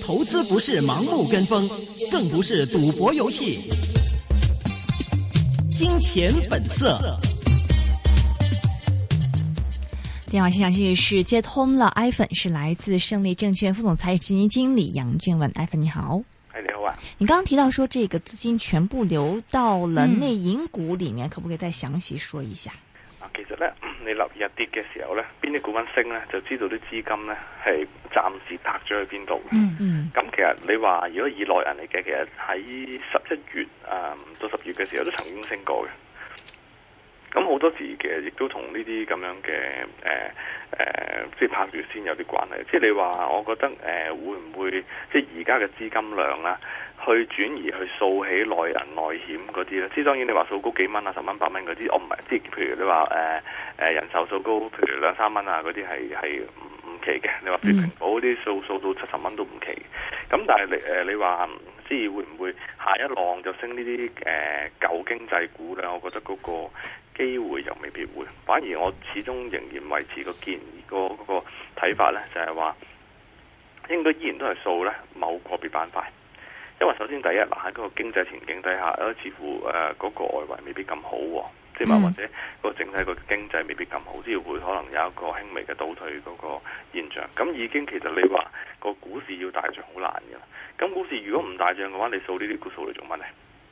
投資不是盲目跟風，更不是賭博遊戲。金錢本色。電話接上去是接通了，艾粉是來自勝利證券副總裁、基金經理楊俊文。艾粉你好，你好，你剛剛提到說這個資金全部流到了內銀股裏面，可不可以再詳細說一下？其實咧，你留意一日跌嘅時候咧，邊啲股份升咧，就知道啲資金咧係暫時泊咗去邊度，嗯。嗯嗯。咁其實你話如果以內人嚟嘅，其實喺十一月啊，呃、到十月嘅時候都曾經升過嘅。咁好多時其實亦都同呢啲咁樣嘅誒誒、即、呃、係、呃就是、拍住先有啲關係。即、就、係、是、你話，我覺得誒、呃、會唔會即係而家嘅資金量啦、啊？去轉移去掃起內銀內險嗰啲咧，即係當然你話掃高幾蚊啊，十蚊八蚊嗰啲，我唔係，即係譬如你話誒誒人壽掃高，譬如兩三蚊啊嗰啲係係唔唔奇嘅。你話平保啲掃掃到七十蚊都唔奇，咁但係你誒、呃、你話，即係會唔會下一浪就升呢啲誒舊經濟股咧？我覺得嗰個機會又未必會，反而我始終仍然維持個建議、個嗰、個睇法咧，就係、係、話應該依然都係掃咧某個別板塊。因為首先第一啦，喺嗰個經濟前景底下，似乎誒嗰、呃嗰個外圍未必咁好，啊，即係、嗯、或者個整體個經濟未必咁好，即係會可能有一個輕微嘅倒退嗰個現象。咁已經其實你話個股市要大漲好難嘅。咁股市如果唔大漲嘅話，你掃呢啲股數嚟做乜呢？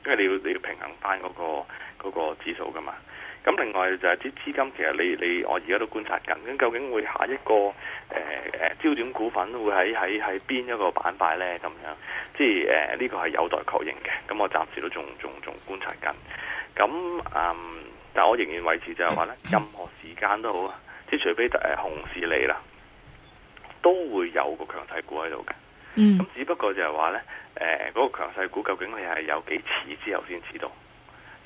因為你要你要平衡翻嗰、嗰個嗰個嗰個指數噶嘛。咁另外就係啲資金，其實你你我而家都觀察緊，咁究竟會下一個誒誒、呃、焦點股份會喺喺喺邊一個板塊咧？咁樣，即係誒呢個係有待確認嘅。咁我暫時都仲仲仲，仲觀察緊。咁嗯，但係我仍然維持就係話咧，任何時間都好啊，即係 除非誒、呃、熊市嚟啦，都會有個強勢股喺度嘅。咁、嗯、只不過就係話咧，誒、呃、嗰、那個強勢股究竟你係有幾次之後先知道？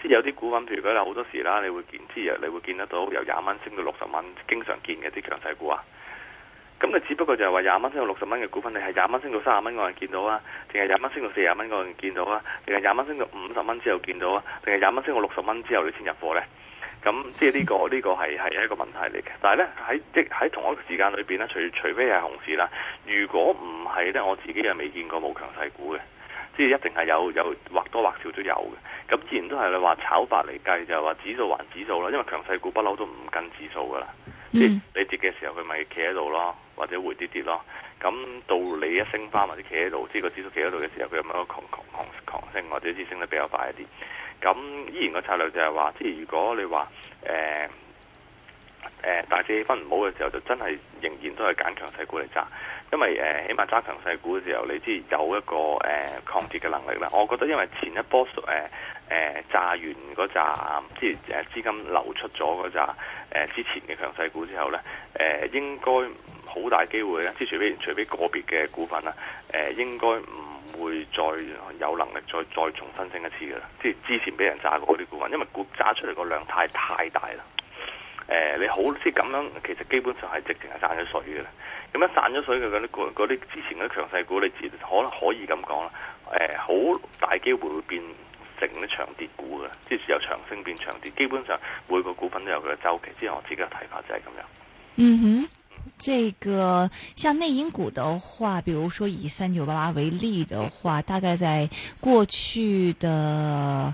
即有啲股份，譬如如果你好多時啦，你會見即係，你會見得到由廿蚊升到六十蚊，經常見嘅啲強勢股啊。咁你只不過就係話廿蚊升到六十蚊嘅股份，你係廿蚊升到三十蚊嗰人見到啊，定係廿蚊升到四十蚊嗰人見到啊，定係廿蚊升到五十蚊之後見到啊，定係廿蚊升到六十蚊之後你先入貨呢？咁即係呢個呢、呢個係係一個問題嚟嘅。但係呢，喺即喺同一個時間裏邊咧，除除非係熊市啦，如果唔係咧，我自己又未見過冇強勢股嘅。即係一定係有有或多或少都有嘅，咁自然都係你話炒法嚟計，就係話指數還指數啦，因為強勢股不嬲都唔跟指數噶啦，即係 mm. 你跌嘅時候佢咪企喺度咯，或者回跌跌咯，咁到你一升翻或者企喺度，即係個指數企喺度嘅時候，佢咪一個狂狂狂狂升，或者啲升得比較快一啲，咁依然個策略就係話，即係如果你話誒。呃誒大市氣氛唔好嘅時候，就真係仍然都係揀強勢股嚟揸，因為誒起碼揸強勢股嘅時候，你知有一個誒抗跌嘅能力啦。我覺得因為前一波誒誒揸完嗰扎，即係誒資金流出咗嗰扎誒之前嘅強勢股之後咧，誒、呃、應該好大機會咧，即係除非除非個別嘅股份啊，誒、呃、應該唔會再有能力再再重新升一次嘅啦。即係之前俾人揸過嗰啲股份，因為股揸出嚟個量太太大啦。誒、呃，你好，即係咁樣，其實基本上係直情係散咗水嘅。咁樣散咗水嘅嗰啲啲之前嗰啲強勢股，你只可能可以咁講啦。誒，好、呃、大機會會變成一長跌股嘅，即係由長升變長跌。基本上每個股份都有佢嘅周期。即係我自己嘅睇法就係咁樣。嗯哼，呢、這個像內銀股的話，比如說以三九八八為例的話，大概在過去的。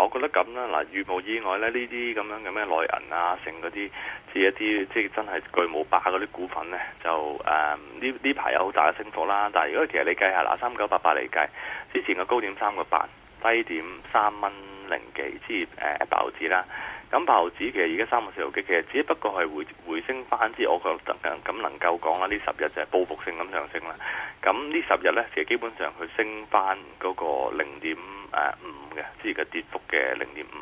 我覺得咁啦，嗱如無意外咧，呢啲咁樣嘅咩內銀啊，成嗰啲，即係一啲即係真係巨無霸嗰啲股份咧，就誒呢呢排有好大嘅升幅啦。但係如果其實你計下啦，三九八八嚟計，之前嘅高點三個八，低點三蚊零幾之，即係誒爆紙啦。咁白牛指，其實而家三個市道機，其實只不過係回回升翻之，我覺得咁能夠講啦，呢十日就係報復性咁上升啦。咁呢十日咧，其實基本上佢升翻嗰個零點誒五嘅，即係個跌幅嘅零點五。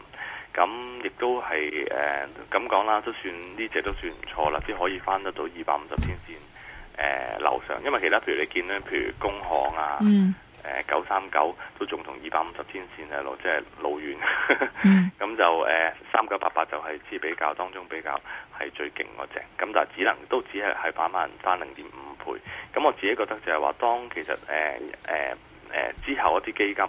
咁亦都係誒咁講啦，都算呢隻都算唔錯啦，即係可以翻得到二百五十天線誒樓、呃、上。因為其他譬如你見咧，譬如工行啊。嗯誒，九三九都仲同二百五十天線嘅路，即係老遠。咁、 mm. 就誒，三九八八就係至比較當中比較係最勁嗰隻。咁但就只能都只係係百萬翻零點五倍。咁我自己覺得就係話，當其實誒誒誒之後一啲基金誒、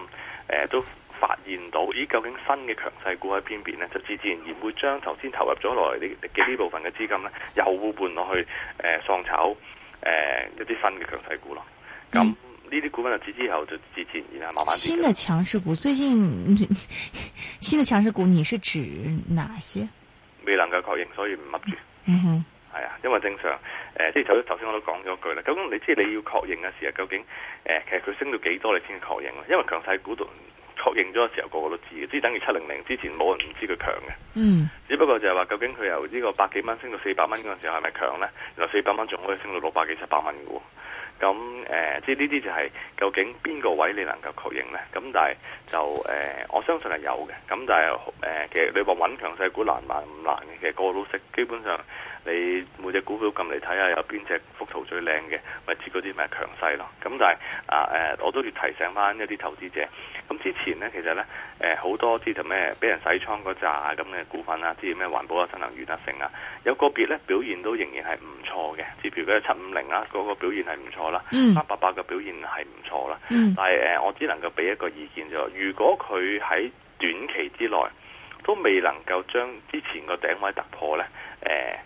uh, 都發現到，咦，究竟新嘅強勢股喺邊邊呢？就自自然然會將頭先投入咗落嚟嘅呢部分嘅資金呢，又換落去誒上、uh, 炒誒、uh, 一啲新嘅強勢股咯。咁、uh, mm. 呢啲股份就之後就自前，然係慢慢。新嘅強勢股最近，新嘅強勢股你是指哪些？未能夠確認，所以唔冇住。嗯哼、mm，係、hmm. 啊，因為正常，誒、呃，即係頭頭先我都講咗一句啦。究竟你即係你要確認嘅時候，究竟誒、呃，其實佢升到幾多你先確認？因為強勢股度確認咗嘅時候，個個都知嘅。即係等於七零零之前冇人唔知佢強嘅。嗯、mm，hmm. 只不過就係話，究竟佢由呢個百幾蚊升到四百蚊嗰陣時候係咪強咧？原來四百蚊仲可以升到六百幾、七百蚊嘅喎。咁誒，即係呢啲就係究竟邊個位你能夠確認咧？咁但係就誒、呃，我相信係有嘅。咁但係誒、呃，其實你話揾強勢股難唔難？唔難嘅，其實個個都識，基本上。你每隻股票撳嚟睇下，有邊隻幅圖最靚嘅，咪接嗰啲咪強勢咯。咁但係啊，誒、呃，我都要提醒翻一啲投資者。咁之前咧，其實咧，誒、呃，好多啲就咩，俾人洗倉嗰扎咁嘅股份啊，之咩環保啊、新能源啊性啊，有個別咧表現都仍然係唔錯嘅。譬如嘅七五零啊，嗰、那個表現係唔錯啦，三百八嘅表現係唔錯啦。嗯、但係誒、呃，我只能夠俾一個意見就是，如果佢喺短期之內都未能夠將之前個頂位突破咧，誒、呃。呃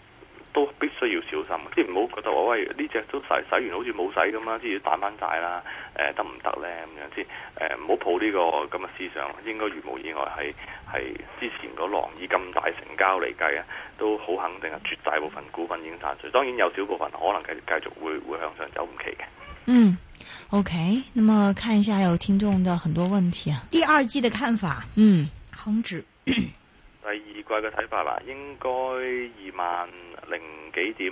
都必須要小心，即係唔好覺得話喂呢隻都洗洗完好似冇洗咁啦，即係賺翻債啦，誒得唔得咧咁樣先？誒唔好抱呢個咁嘅思想，應該如無意外係係之前嗰浪以咁大成交嚟計啊，都好肯定係絕大部分股份已經散除，當然有少部分可能繼續繼續會會向上走唔期嘅。嗯，OK，咁看一下有聽眾嘅很多問題啊，第二季嘅看法，嗯，恒指。 第二季嘅睇法啦，應該二萬零幾點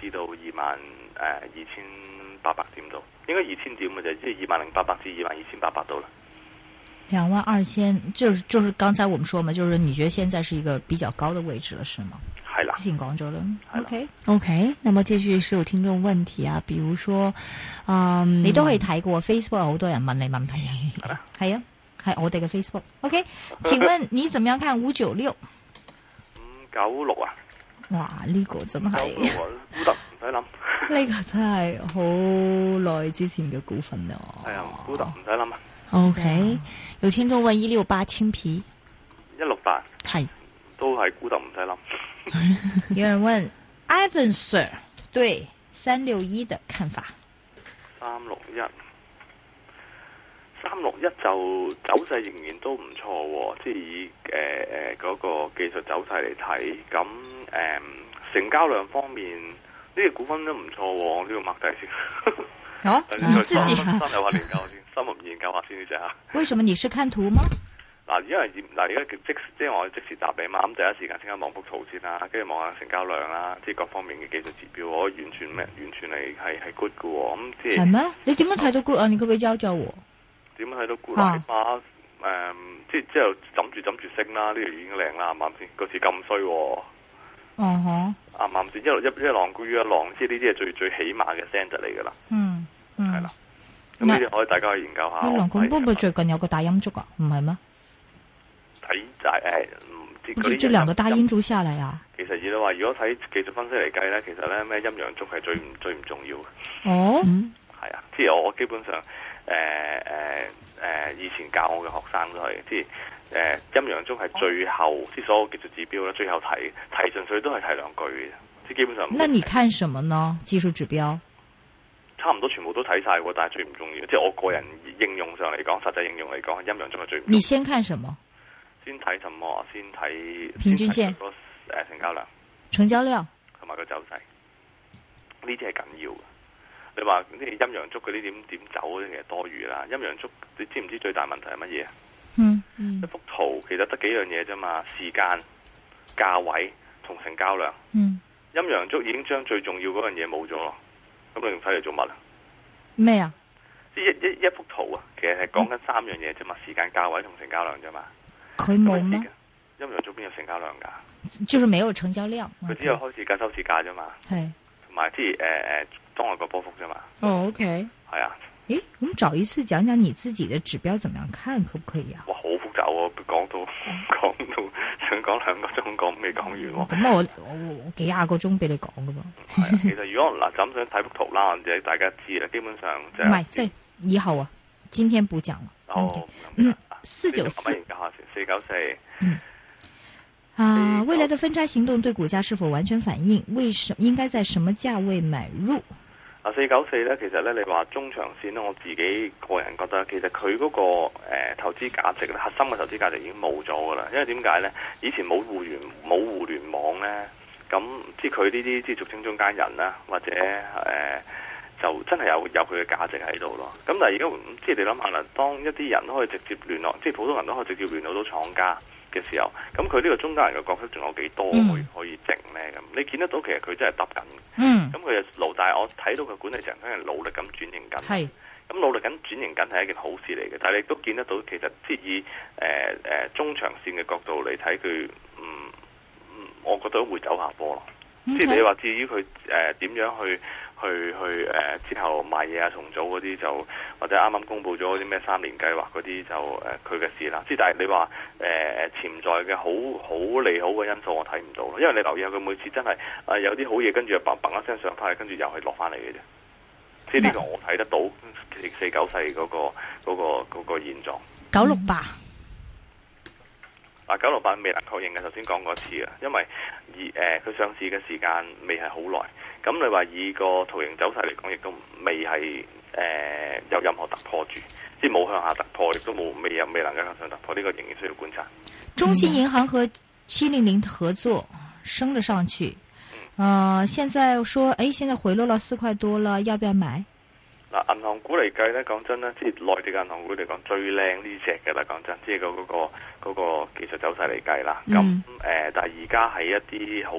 至到二萬誒二千八百點度，應該二千點嘅啫，即係二萬零八百至二萬二千八百到啦。兩萬二千，就是就是剛才我們說嘛，就是你覺得現在是一個比較高嘅位置了，是嗎？係啦，之前講咗啦。OK OK，那麼繼續是有聽眾問題啊，比如說，嗯，你都可以睇過 Facebook，有好多人問你問題啊，係啊吧。 係我哋嘅 Facebook，OK？Okay. 請問你怎麼樣看五九六？五九六啊！哇，呢個、這個真係，五九六啊！估都唔使諗。呢個真係好耐之前嘅股份咯。係啊，估都唔使諗啊。OK，嗯，有聽眾問一六八青啤，一六八係都係估都唔使諗。 有人問 Ivan Sir 對三六一嘅看法？三六一。三六一就走勢仍然都唔錯、哦，即係以誒誒嗰個技術走勢嚟睇，咁、嗯、誒成交量方面呢隻、這個、股份都唔錯、哦，我呢個擘大先。好、哦， 你自己先，三六研究先，三六研究下先呢啫吓。為什麼你是看圖嗎？嗱，因為嗱而家即即係我即時答你嘛，咁第一時間先下望幅圖先啦，跟住望下成交量啦，即係各方面嘅技術指標，我完全咩，完全係係係 good 嘅、哦，咁即係。係咩？你點樣睇到 good 啊？你可唔可以教我。點樣睇到古奶誒，即係之後枕住枕住升啦，呢條已經靚啦，啱唔啱先？次咁衰，嗯哼，啱唔啱先？一浪一浪，高一浪，即係呢啲係最最起碼嘅升勢嚟噶啦。嗯嗯，係啦，咁呢啲可以大家可以研究下。阿浪古波最近有個大陰燭啊，唔係咩？睇、哎、就誒、是，唔知佢呢啲。不知這兩個大陰燭下嚟啊？其實以我話，如果睇技術分析嚟計咧，其實咧咩陰陽燭係最唔最唔重要嘅。哦、嗯，係啊，即係我基本上。誒誒誒，以前教我嘅學生都係，即係誒陰陽中係最後，即係、哦、所有技術指標咧，最後睇睇盡，佢都係睇兩句，即基本上。那你看什麼呢？技術指標差唔多全部都睇晒喎，但係最唔重要，即係我個人應用上嚟講，實際應用嚟講，陰陽中係最唔重要。你先看什麼？先睇什麼？先睇平均線，成交量，成交量同埋個走勢，呢啲係緊要嘅。你話呢陰陽燭啲呢點點走咧，其實多餘啦。陰陽燭你知唔知最大問題係乜嘢？嗯，一幅圖其實得幾樣嘢啫嘛，時間、價位同成交量而已而已。嗯，陰陽燭已經將最重要嗰樣嘢冇咗咯，咁你用睇嚟做乜啊？咩啊？一一一幅圖啊，其實係講緊三樣嘢啫嘛，時間、價位同成交量啫嘛。佢冇咩？陰陽燭邊有成交量噶？就係冇成交量。佢只有開始價、收市價啫嘛。係是。同埋即係誒誒。呃呃當我個波幅啫嘛。哦、oh,，OK、欸。係啊。誒，我們找一次講講你自己的指標，怎麼樣看，可唔可以啊？哇，好複雜喎、哦，講到講、哦、到，想講兩個鐘，講未講完。咁我我，我幾廿個鐘俾你講噶噃。 其實如果嗱，咁想睇幅圖啦，或者大家知啦，基本上、就係。唔係， 即係以後啊，今天不講啦。哦 Okay.、嗯。四九四。四九四。啊，九未來嘅分差行動對股價是否完全反映？為什應該在什麼價位買入？嗱四九四咧，4，其實咧你話中長線咧，我自己個人覺得，其實佢嗰、個、呃、投資價值核心嘅投資價值已經冇咗噶啦。因為點解咧？以前冇互聯冇互聯網咧，咁即係佢呢啲即係俗稱中間人啦，或者誒、呃，就真係有有佢嘅價值喺度咯。咁但係而家即係你諗下，當一啲人都可以直接聯絡，即係普通人都可以直接聯絡到廠家。嘅時候，咁佢呢個中間人嘅角色仲有幾多可以剩、嗯、呢？咁你見得到其實佢真係揼緊，咁佢嘅老大，我睇到佢管理層都係努力咁轉型緊，咁是努力緊轉型緊係一件好事嚟嘅。但係你都見得到，其實即以誒誒、呃呃、中長線嘅角度嚟睇佢，嗯，我覺得會走下坡咯。即係、嗯、你話至於佢誒點樣去？去去誒、呃、之後買嘢啊，重組嗰啲就或者啱啱公布咗啲咩三年計劃嗰啲就誒佢嘅事啦。即係但係你話誒誒潛在嘅好好利好嘅因素，我睇唔到咯。因為你留意下佢每次真係啊、呃、有啲好嘢跟住砰砰一聲上翻嚟，跟住又係落翻嚟嘅啫。即係呢個我睇得到四四九四嗰、嗰個嗰、嗰個嗰、嗰個嗰個、現狀。九六八啊，九六八未能確認嘅。頭先講過一次啊，因為而誒佢、呃、上市嘅時間未係好耐。咁你話以個圖形走勢嚟講，亦都未係誒有任何突破住，即係冇向下突破，亦都冇未有未能夠向上突破。呢個仍然需要觀察。中信銀行和七零零合作升咗上去，啊、呃，現在說誒、哎，現在回落咗四塊多了，要不要買？嗱、嗯，銀行股嚟計咧，講真咧，即係內地銀行股嚟講最靚呢隻嘅啦，講真，即係嗰嗰個個技術走勢嚟計啦。咁誒，但係而家喺一啲好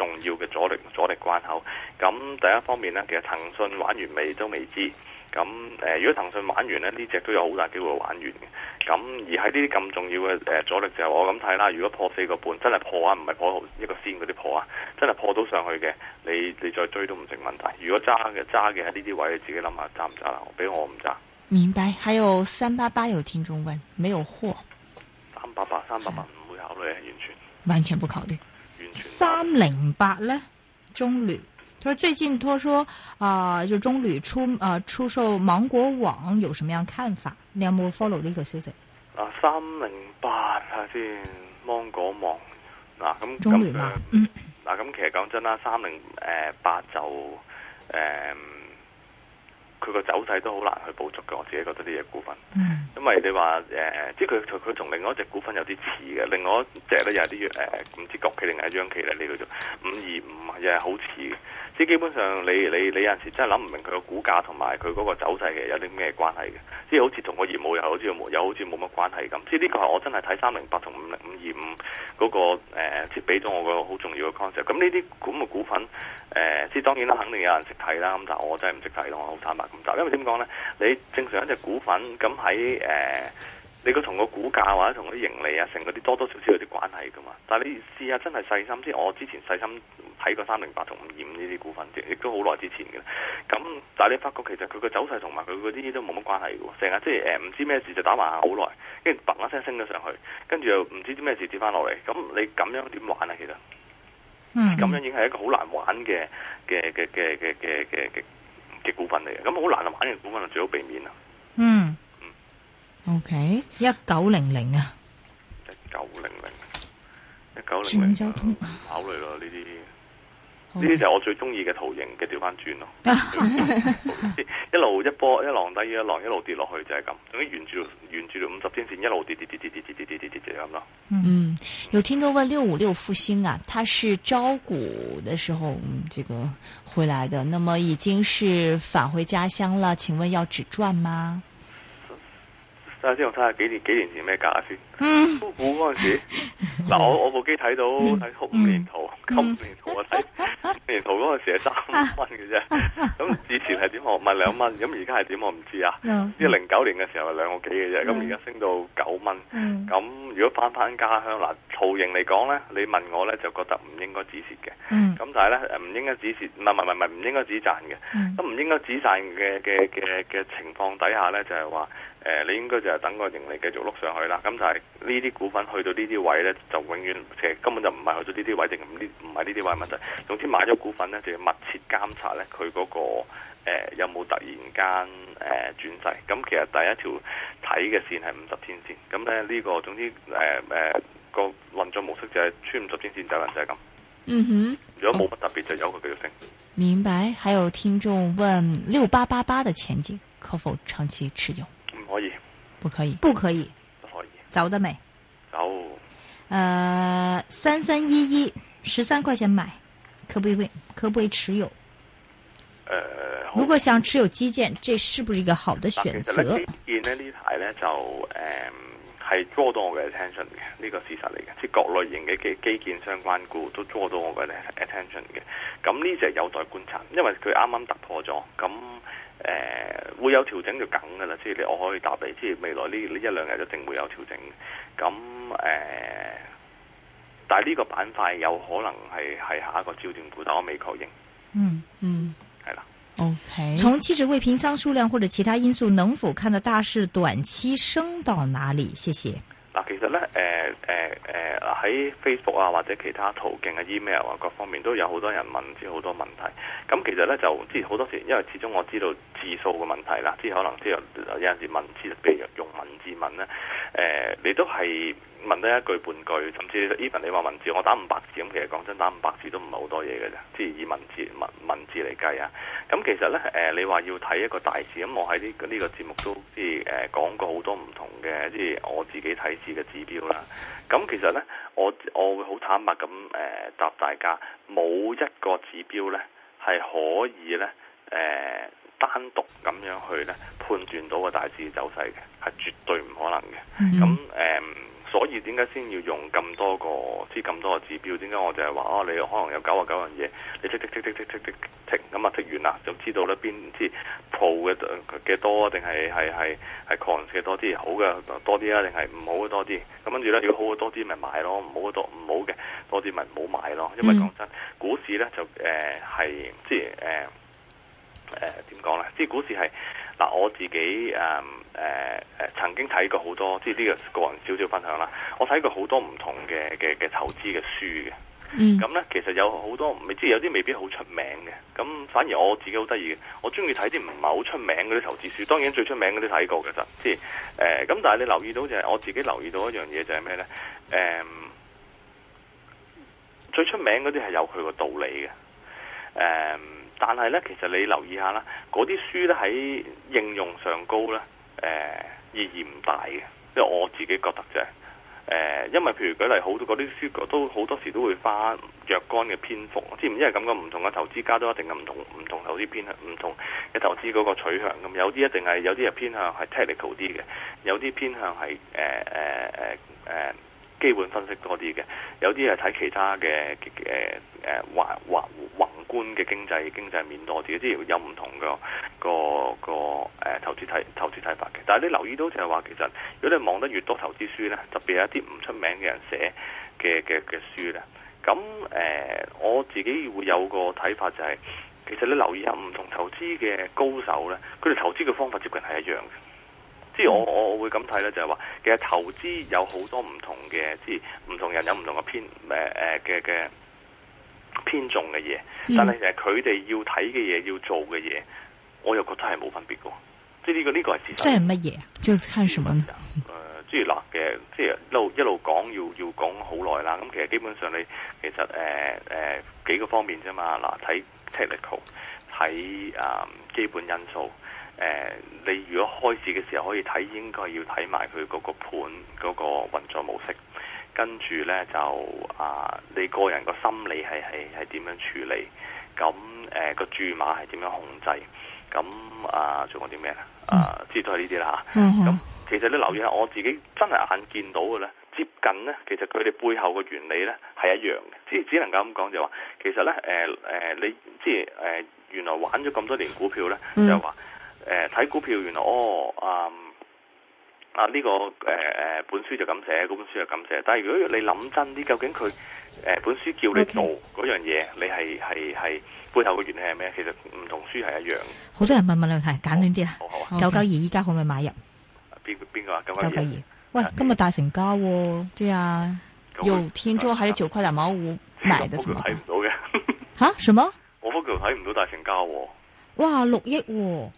重要嘅阻力阻力關口，咁第一方面呢，其實騰訊玩完未都未知。咁誒、呃，如果騰訊玩完呢，呢隻都有好大機會玩完嘅。咁而喺呢啲咁重要嘅誒、呃、阻力就係，我咁睇啦。如果破四個半，真係破啊，唔係破好一個仙嗰啲破啊，真係破到上去嘅，你你再追都唔成問題。如果揸嘅揸嘅喺呢啲位，你自己諗下揸唔揸啦。俾我唔揸。明白。還有三八八有聽眾問，沒有貨。三八八三八八唔會考慮，完全完全不考慮。三零八咧，中旅，佢話最近，佢話說啊，就中旅出啊、呃、出售芒果網，有什麼樣看法？你有冇 follow 呢個消息？啊，三零八下先，芒果網嗱咁，啊、中旅嘛，嗱咁、呃 啊、其實講真啦，三零誒八就誒。呃佢個走勢都好難去捕捉嘅，我自己覺得呢隻股份，mm. 因為你話誒、呃，即係佢佢佢同另外一隻股份有啲似嘅，另外一隻咧又有啲誒，唔、呢個呃、知國企定係央企咧，呢度就五二五又係好似。即基本上，你你你有陣時真係諗唔明佢個股價同埋佢嗰個走勢其實有啲咩關係嘅，即係好似同個業務又好似冇，又好似冇乜關係咁。即係呢個係我真係睇三零八同五零五二五嗰個誒，即俾咗我個好重要嘅 concept。咁呢啲咁嘅股份，誒、呃，即係當然啦，肯定有人識睇啦。咁但係我真係唔識睇咯，我好坦白咁答。因為點講咧？你正常一隻股份咁喺誒。呃你個同個股價或者同啲盈利啊，成嗰啲多多少少有啲關係噶嘛？但你試下真係細心，即係我之前細心睇過三零八同五二五呢啲股份，亦都好耐之前嘅。咁但你發覺其實佢個走勢同埋佢嗰啲都冇乜關係嘅，成日即係誒唔知咩事就打埋好耐，跟住嘭一聲升咗上去，跟住又唔知啲咩事跌翻落嚟。咁你咁樣點玩啊？其實，嗯，咁樣已經係一個好難玩嘅嘅嘅嘅嘅嘅嘅嘅股份嚟嘅，咁好難玩嘅股份，就最好避免啊。嗯。O K，一九零零啊，一九零零，一九零零啊，考慮咯呢啲，呢啲就係我最中意嘅圖形嘅調翻轉咯，一路一波一浪低一浪一路跌落去就係咁，總之沿住沿住五十天線一路跌跌跌跌跌跌跌跌跌咁咯。嗯，有聽眾問六五六復星啊，他是招股嘅時候這個回來的，那麼已經是返回家鄉了，請問要止賺嗎？睇下先，我睇下幾年幾年前咩價先。復股嗰陣時，嗱我我部機睇到睇紅五年圖、金五年圖，我睇五年圖嗰陣時係三蚊嘅啫。咁以前係點我唔係兩蚊，咁而家係點我唔知啊。即係零九年嘅時候係兩個幾嘅啫，咁而家升到九蚊。咁如果翻返家鄉嗱，圖形嚟講咧，你問我咧就覺得唔應該止蝕嘅。咁但係咧，唔應該止蝕唔係唔係唔係唔應該止賺嘅。咁唔應該止賺嘅嘅嘅嘅情況底下咧，就係話。誒、呃，你應該就係等個盈利繼續碌上去啦。咁但係呢啲股份去到呢啲位咧，就永遠其實根本就唔係去到呢啲位，定唔呢唔係呢啲位問題。總之買咗股份咧，就要密切監察咧，佢嗰、那個、呃、有冇突然間誒轉勢。咁、呃、其實第一條睇嘅線係五十天線。咁咧呢個總之誒誒、呃呃、個運作模式就係穿五十天線就係咁。嗯哼，如果冇乜特別，哦、就由佢繼續升。明白。還有聽眾問六八八八的前景可否長期持有？不可以，不可以，不可以，走得未？走、呃。誒，三三一一，十三塊錢買，可不可以？可不可以持有？呃，如果想持有基建，這是不是一個好的選擇？基建呢排咧就誒。呃係捉到我嘅 attention 嘅，呢、這個事實嚟嘅。即係各類型嘅基基建相關股都捉到我嘅 attention 嘅。咁呢只有待觀察，因為佢啱啱突破咗，咁誒、呃、會有調整就梗㗎喇。即係你我可以答你，即係未來呢呢一兩日一定會有調整。咁誒、呃，但係呢個板塊有可能係係下一個焦點股，但我未確認。嗯嗯。嗯 OK，從期指未平倉數量或者其他因素，能否看到大市短期升到哪裏？謝謝。嗱，其實呢，誒誒誒，喺、呃呃、Facebook 啊或者其他途徑嘅 email 啊，各方面都有好多人問，即係好多問題。咁、嗯、其實呢，就，即係好多時，因為始終我知道字數嘅問題啦，即係可能即係有陣時文字，譬如用文字問呢，誒、呃，你都係。問得一句半句，甚至 even 你話文字，我打五百字，咁其實講真，打五百字都唔係好多嘢嘅啫。即係以文字文文字嚟計啊，咁其實咧，誒、呃、你話要睇一個大市，咁我喺呢呢個節目都即係誒講過好多唔同嘅，即、就、係、是、我自己睇市嘅指標啦。咁其實咧，我我會好坦白咁誒、呃、答大家，冇一個指標咧係可以咧誒、呃、單獨咁樣去咧判斷到個大市走勢嘅，係絕對唔可能嘅。咁誒、mm。Hmm. 所以點解先要用咁多個即係咁多個指標？點解我就係話啊，你可能有九啊九樣嘢，你剔剔剔剔剔剔剔咁啊，剔完啦就知道咧邊啲鋪嘅嘅多定係係係係 cons 嘅多啲好嘅多啲啊，定係唔好嘅多啲。咁跟住咧，如果好嘅多啲咪買咯，唔好嘅多唔好嘅多啲咪唔好買咯。因為講真，股市咧就誒係即係誒誒點講咧？即係股市係。嗱，我自己誒誒誒曾經睇過好多，即係呢個個人少少分享啦。我睇過好多唔同嘅嘅嘅投資嘅書嘅。咁咧、嗯、其實有好多未，即係有啲未必好出名嘅。咁反而我自己好得意嘅，我中意睇啲唔係好出名嗰啲投資書。當然最出名嗰啲睇過嘅，其實，即係誒。咁但係你留意到就係、是、我自己留意到一樣嘢就係咩咧？誒、呃，最出名嗰啲係有佢個道理嘅。誒、呃。但係咧，其實你留意下啦，嗰啲書咧喺應用上高咧，誒意義唔大嘅，即係我自己覺得就係誒，因為譬如舉例好多嗰啲書都好多時都會花若干嘅篇幅，即唔因為咁講，唔同嘅投資家都一定嘅唔同唔同投資偏向，唔同嘅投資嗰個取向咁，有啲一定係有啲係偏向係 technical 啲嘅，有啲偏向係誒誒誒誒基本分析多啲嘅，有啲係睇其他嘅誒誒畫畫畫。呃呃呃呃呃呃呃觀嘅經濟經濟面多啲，即係有唔同嘅個個誒投資睇投資睇法嘅。但係你留意到就係話，其實如果你望得越多投資書呢，特別係一啲唔出名嘅人寫嘅嘅嘅書呢，咁誒我自己會有個睇法就係，其實你留意下唔同投資嘅高手呢，佢哋投資嘅方法接近係一樣嘅。即係我我會咁睇呢，就係話其實投資有好多唔同嘅，即係唔同人有唔同嘅偏誒嘅嘅。 偏重嘅嘢，但係其實佢哋要睇嘅嘢，要做嘅嘢，我又覺得係冇分別嘅。即係、這、呢個呢、這個係事實。即係乜嘢？最睇什麼？誒、啊呃，即係嗱，嘅，即係一路一路講，要要講好耐啦。咁其實基本上你其實誒誒、呃呃、幾個方面啫嘛。嗱，睇 technical，睇誒基本因素。誒、呃，你如果開始嘅時候可以睇，應該要睇埋佢嗰個盤嗰、那個運作模式。跟住咧就啊，你個人個心理係係係點樣處理？咁誒個注碼係點樣控制？咁啊仲有啲咩咧？啊，即係都係呢啲啦。咁、嗯、哼其實你留意下，我自己真係眼見到嘅咧，接近咧，其實佢哋背後嘅原理咧係一樣嘅。只只能夠咁講就話，其實咧誒誒，你即係誒原來玩咗咁多年股票咧，嗯、就係話誒睇股票原來哦啊。嗯嗯嗯啊呢、這個誒誒、呃、本書就咁寫，嗰本書就咁寫。但係如果你諗真啲，究竟佢誒、呃、本書叫你做嗰 Okay. 樣嘢，你係係係背後嘅原理係咩？其實唔同書係一樣。好多人問問兩題，簡，簡短啲啦。好啊、嗯，九九二依家可唔可以買入？邊邊個啊？九九二？喂，今日大成交、哦，啲啊，又天珠還是九塊兩毛五？埋得咁啊？我乜都睇唔到嘅。吓？什麼？我乜都睇唔到大成交、哦。哇！六億、哦，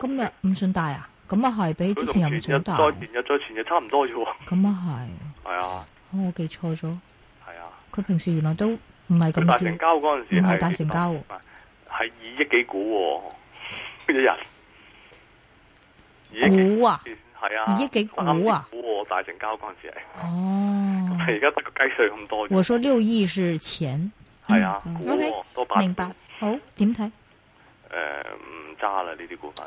今日唔算，億億算大啊？咁啊，係比之前又唔算大。再前日再前日差唔多啫。咁啊係。係啊、哦。我記錯咗。係啊。佢平時原來都唔係咁少。大成交嗰陣時唔係大成交，係二億幾股一、哦、日。股啊！係啊！二億幾股啊！大成交嗰陣時係。哦。而家得個雞碎咁多。我說六億是錢。係、嗯、啊。O K、嗯。Okay, 明白。好，點睇？誒、呃，唔揸啦呢啲股份。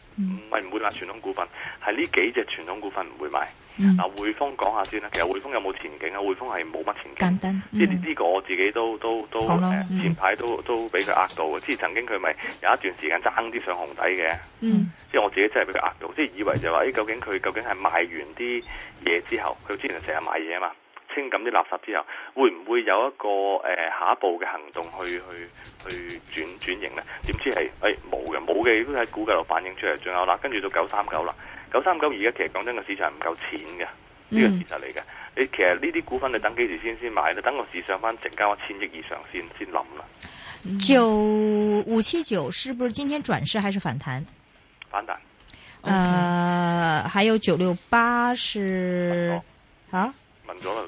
唔係唔會啦，傳統股份係呢幾隻傳統股份唔會買。嗱、嗯啊，匯豐講下先啦，其實匯豐有冇前景啊？匯豐係冇乜前景，即係呢呢個我自己都都都咯、呃、前排都都俾佢呃到嘅。即係曾經佢咪有一段時間爭啲上紅底嘅，即係、嗯、我自己真係俾佢呃到，即係以，以為就話誒，究竟佢究竟係賣完啲嘢之後，佢之前成日買嘢啊嘛。清咁啲垃圾之後，會唔會有一個誒、呃、下一步嘅行動去去去轉轉型咧？點知係誒冇嘅，冇嘅亦都喺估計度反映出嚟仲有啦。跟住到九三九啦，九三九而家其實講真個市場唔夠錢嘅，呢個事實嚟嘅。你其實呢啲股份你等幾時先先買咧？等個市上翻成交一千億以上先先諗啦。九五七九是不是今天轉勢還是反彈？反彈。誒、呃，還有九六八是問過啊？問咗啦。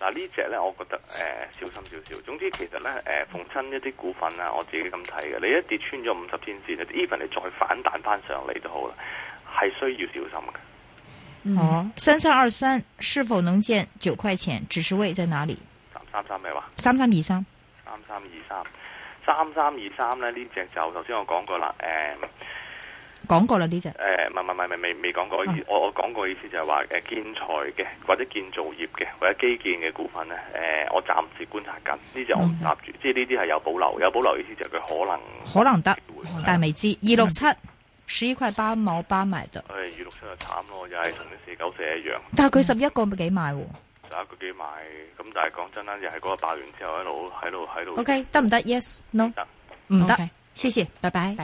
嗱、啊、呢隻咧，我覺得誒、呃、小心少少。總之其實咧，誒、呃、逢親一啲股份啊，我自己咁睇嘅，你一跌穿咗五十天線，even 你再反彈翻上嚟都好啦，係需要小心嘅。哦、嗯，三三二三是否能見九塊錢？指示位在哪裡？三三三咩話？三三二三。三三二三，三三二三咧，呢隻就頭先我講過啦，誒、嗯。講過啦呢隻，誒，唔係唔係未未講過，我我講過意思就係話誒建材嘅或者建造業嘅或者基建嘅股份咧，誒，我暫時觀察緊呢隻我唔夾住，即係呢啲係有保留，有保留意思就係佢可能可能得，但係未知。二六七，十一塊包冇包埋得。二六七就慘咯，又係同啲四九四一樣。但係佢十一個幾買？十一個幾買？咁但係講真啦，又係嗰個爆完之後一路喺度喺度。O K，得唔得？Yes，No？唔得，謝謝，拜拜。